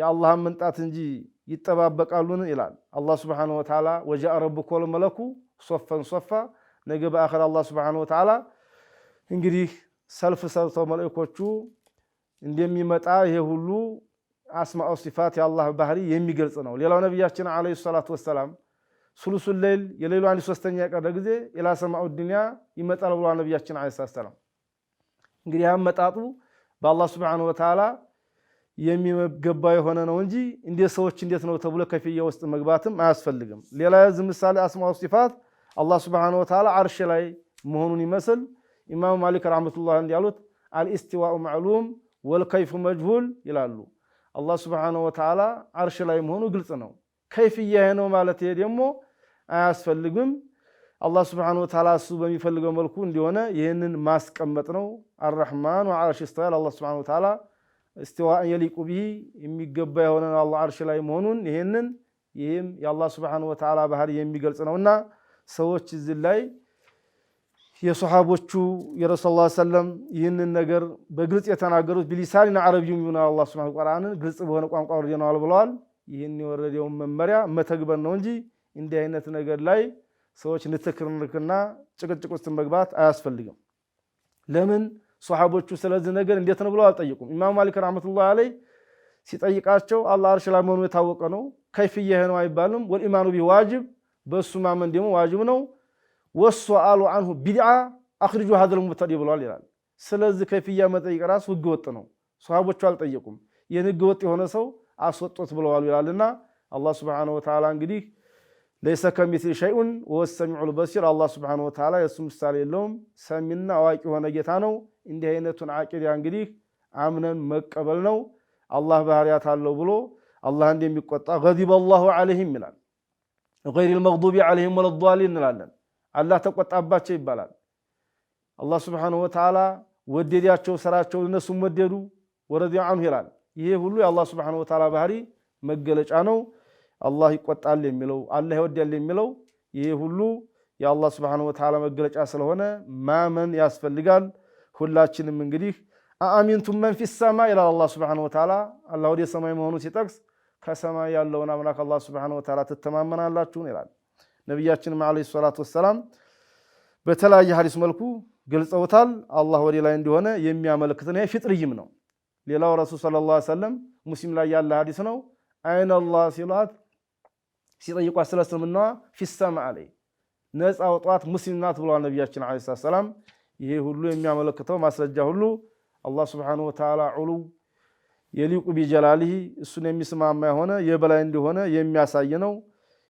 የአላህን መንጣት እንጂ ይጠባበቃሉን? ይላል አላህ ስብሓነሁ ወተዓላ ወጃአ ረቡከል መለኩ ሶፈን ሶፋ። ነገ በአኸር አላህ ስብሓነሁ ወተዓላ እንግዲህ ሰልፍ ሰርተው መላእኮቹ እንደሚመጣ ይሄ ሁሉ አስማ ሲፋት የአላህ ባህሪ የሚገልጽ ነው። ሌላው ነቢያችን ዓለይሂ ሰላቱ ወሰላም ሱሉሱል ሌይል የሌሉ አንድ ሶስተኛ የቀረ ጊዜ ኢላ ሰማኡ ዱንያ ይመጣል ብሏል ነቢያችን ዓለይሂ ሰላቱ ወሰላም። እንግዲህ አመጣጡ በአላህ ስብሓነሁ ወተዓላ የሚገባ የሆነ ነው እንጂ እንዴት ሰዎች እንዴት ነው ተብሎ ከፍያ ውስጥ መግባትም አያስፈልግም። ሌላ የዚህ ምሳሌ አስማው ሲፋት አላህ ሱብሓነሁ ወተዓላ አርሽ ላይ መሆኑን ይመስል ኢማሙ ማሊክ ረሕመቱላህ እንዲያሉት አልኢስቲዋኡ ማዕሉም ወልከይፉ መጅሁል ይላሉ። አላህ ሱብሓነሁ ወተዓላ አርሽ ላይ መሆኑ ግልጽ ነው። ከይፍያ ነው ማለት ይሄ ደግሞ አያስፈልግም። አላህ ሱብሓነሁ ወተዓላ እሱ በሚፈልገው መልኩ እንዲሆነ ይህንን ማስቀመጥ ነው። አርረሕማን ወዐርሽ ስተዋል አላህ ሱብሓነሁ ወተዓላ እስትዋ የሊቁ ቢሂ የሚገባ የሆነን አላህ አርሽ ላይ መሆኑን ይህንን ይህም የአላህ ስብሓነሁ ወተዓላ ባህሪ የሚገልጽ ነውና ሰዎች እዚህ ላይ የሰሓቦቹ የረሱል ላ ሰለም ይህንን ነገር በግልጽ የተናገሩት ቢሊሳኒን ዓረቢዩም ይሁን አላህ ስብሓነሁ ቁርአንን ግልጽ በሆነ ቋንቋ ወርደነዋል ብለዋል። ይህን የወረደውን መመሪያ መተግበር ነው እንጂ እንዲህ አይነት ነገር ላይ ሰዎች ንትርክና ጭቅጭቅ ውስጥ መግባት አያስፈልግም። ለምን ሶሐቦቹ ስለዚህ ነገር እንዴት ነው ብለው አልጠይቁም። ኢማም ማሊክ ረሕመቱላህ አለይ ሲጠይቃቸው አላህ አርሽ ላይ መሆኑ የታወቀ ነው፣ ከይፍየህ ነው አይባልም። ወልኢማኑ ቢህ ዋጅብ፣ በእሱ ማመን ደግሞ ዋጅብ ነው። ወሱአሉ አንሁ ቢድዓ አኽሪጁ ሀደል ሙብተዲ ብለዋል ይላል። ስለዚህ ከይፍያ መጠይቅ ራሱ ህገ ወጥ ነው። ሶሐቦቹ አልጠየቁም። ይህን ህገ ወጥ የሆነ ሰው አስወጡት ብለዋሉ ይላልና አላህ ሱብሓነሁ ወተዓላ እንግዲህ ለይሰ ከሚስሊ ሸይኡን ወሁወ ሰሚዑል በሲር። አላህ ሱብሓነሁ ወተዓላ የእሱ ምሳሌ የለውም፣ ሰሚና አዋቂ የሆነ ጌታ ነው። እንዲህ አይነቱን አቂዳ እንግዲህ አምነን መቀበል ነው። አላህ ባህሪያት አለው ብሎ አላህ እንደሚቆጣ ገዲበ አላሁ ዐለይሂም ይላል። ገይሪል መግዱቢ ዐለይሂም ወለዷሊን እንላለን። አላህ ተቆጣባቸው ይባላል። አላህ ሱብሓነሁ ወተዓላ ወደዳቸው፣ ስራቸው እነሱም ወደዱ፣ ወረዲዑ ዐንሁ ይላል። ይሄ ሁሉ የአላህ ሱብሓነሁ ወተዓላ ባህሪ መገለጫ ነው። አላህ ይቆጣል የሚለው አላህ ይወዳል የሚለው ይህ ሁሉ የአላህ ስብሓነሁ ወተዓላ መገለጫ ስለሆነ ማመን ያስፈልጋል። ሁላችንም እንግዲህ አአሚንቱም መን ፊ ሰማ ይላል አላህ ስብሓነሁ ወተዓላ። አላህ ወደ ሰማይ መሆኑ ሲጠቅስ ከሰማይ ያለውን አምላክ አላህ ስብሓነሁ ወተዓላ ትተማመናላችሁን ይላል። ነቢያችንም ዓለይሂ ሰላቱ ወሰላም በተለያየ ሐዲስ መልኩ ገልጸውታል። አላህ ወደ ላይ እንደሆነ የሚያመለክት ነው። ፊጥርይም ነው። ሌላው ረሱል ሰለላሁ ዐለይሂ ወሰለም ሙስሊም ላይ ያለ ሐዲስ ነው። አላህ ሲሏት ሲጠይቋት ስለ እስልምና ፊሰማ አለይ ነፃ አውጧት ሙስሊም ናት ብለዋል ነቢያችን ዓለይሂ ሰላም። ይሄ ሁሉ የሚያመለክተው ማስረጃ ሁሉ አላህ ስብሓነሁ ወተዓላ ዑሉው የሊቁ ቢጀላሊህ እሱን የሚስማማ የሆነ የበላይ እንደሆነ የሚያሳይ ነው።